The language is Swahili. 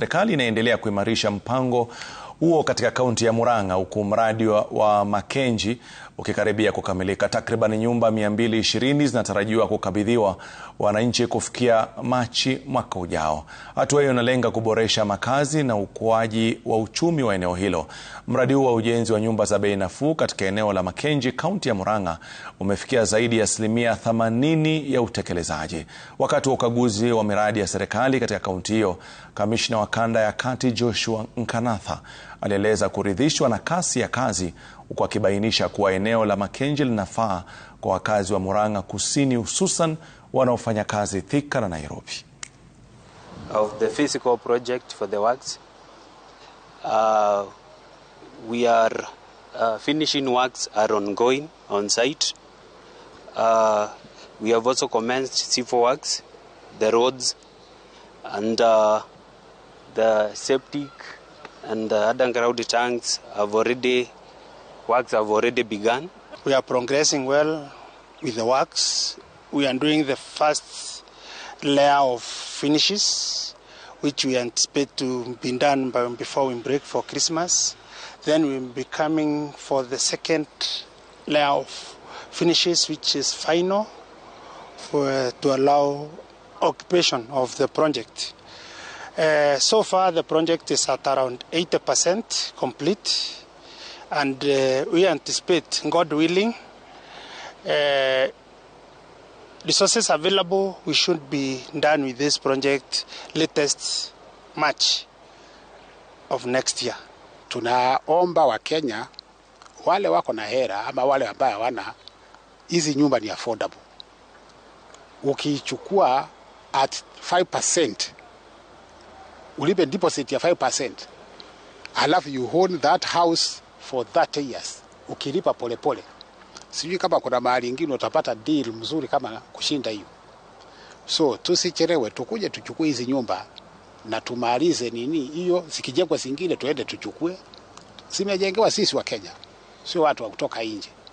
Serikali inaendelea kuimarisha mpango huo katika kaunti ya Murang'a huku mradi wa, wa Makenji ukikaribia kukamilika. Takriban nyumba 220 zinatarajiwa kukabidhiwa wananchi kufikia Machi mwaka ujao. Hatua hiyo inalenga kuboresha makazi na ukuaji wa uchumi wa eneo hilo. Mradi huu wa ujenzi wa nyumba za bei nafuu katika eneo la Makenji, kaunti ya Murang'a, umefikia zaidi ya asilimia 80 ya utekelezaji. Wakati wa ukaguzi wa miradi ya serikali katika kaunti hiyo, kamishna wa kanda ya kati Joshua Nkanatha alieleza kuridhishwa na kasi ya kazi huku akibainisha kuwa eneo la Makenji linafaa kwa wakazi wa Murang'a Kusini hususan wanaofanya kazi Thika na Nairobi. Of the physical project for the works, uh, we are uh, finishing works are ongoing on site. Uh, we have also commenced civil works, the roads and uh, the septic and the uh, ground tanks have already, works have already begun. We are progressing well with the works. We are doing the first layer of finishes, which we anticipate to be done by, before we break for Christmas. Then we'll be coming for the second layer of finishes, which is final, for, to allow occupation of the project. Uh, so far the project is at around 80% complete and uh, we anticipate God willing uh, resources available we should be done with this project latest March of next year. Tunaomba Wakenya wale wako na hera ama wale ambao hawana, hizi nyumba ni affordable, ukichukua at 5% ulipe deposit ya 5%, alafu you own that house for 30 years, ukilipa polepole pole. Sijui kama kuna mahali ingine utapata deal mzuri kama kushinda hiyo. So tusichelewe, tukuje tuchukue hizi nyumba na tumalize nini hiyo, zikijengwa zingine tuende tuchukue. Zimejengewa sisi wa Kenya, sio watu wa kutoka nje.